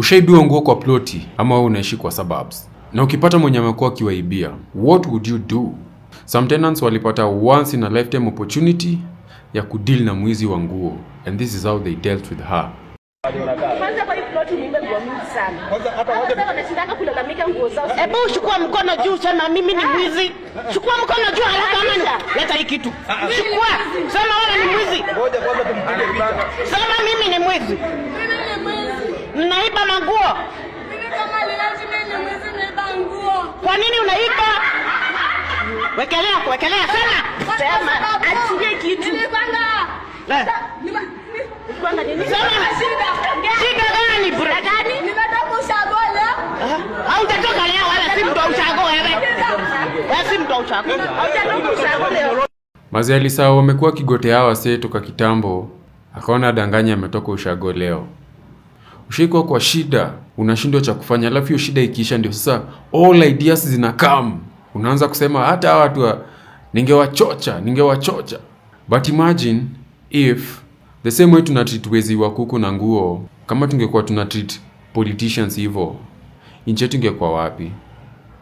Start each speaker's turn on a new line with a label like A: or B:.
A: Ushaibiwa nguo kwa ploti ama wewe unaishi kwa suburbs? Na ukipata mwenye amekuwa akiwaibia, what would you do? Some tenants walipata once in a lifetime opportunity ya kudeal na mwizi wa nguo and this is how they dealt with her.
B: mkono juu, sema mimi ni mwizi. Chukua mkono juu haraka, ama leta hii kitu. Ah, ah. Chukua, sema wewe ni mwizi. Sema mimi ni mwizi unaiba manguo? Kwa nini unaiba? Wekelea, wekelea sana.
C: Sema, achilie kitu.
D: Eh.
B: Nini Shida gani bro? Ah, Hautatoka leo wala si mtu ushago wewe. Wewe si mtu ushago. Hautatoka ushago
A: leo. Mazi alisahau wamekuwa kigotea hawa toka kitambo. Akaona adanganya ametoka ushago leo ushaikuwa kwa shida unashindwa cha kufanya, alafu hiyo shida ikiisha, ndio sasa all ideas come, unaanza kusema hata hawa watu ningewachocha, ningewachocha. But imagine if the same way treat wezi wa kuku na nguo, kama tungekuwa treat politicians hivyo, nchi yetu ingekuwa wapi?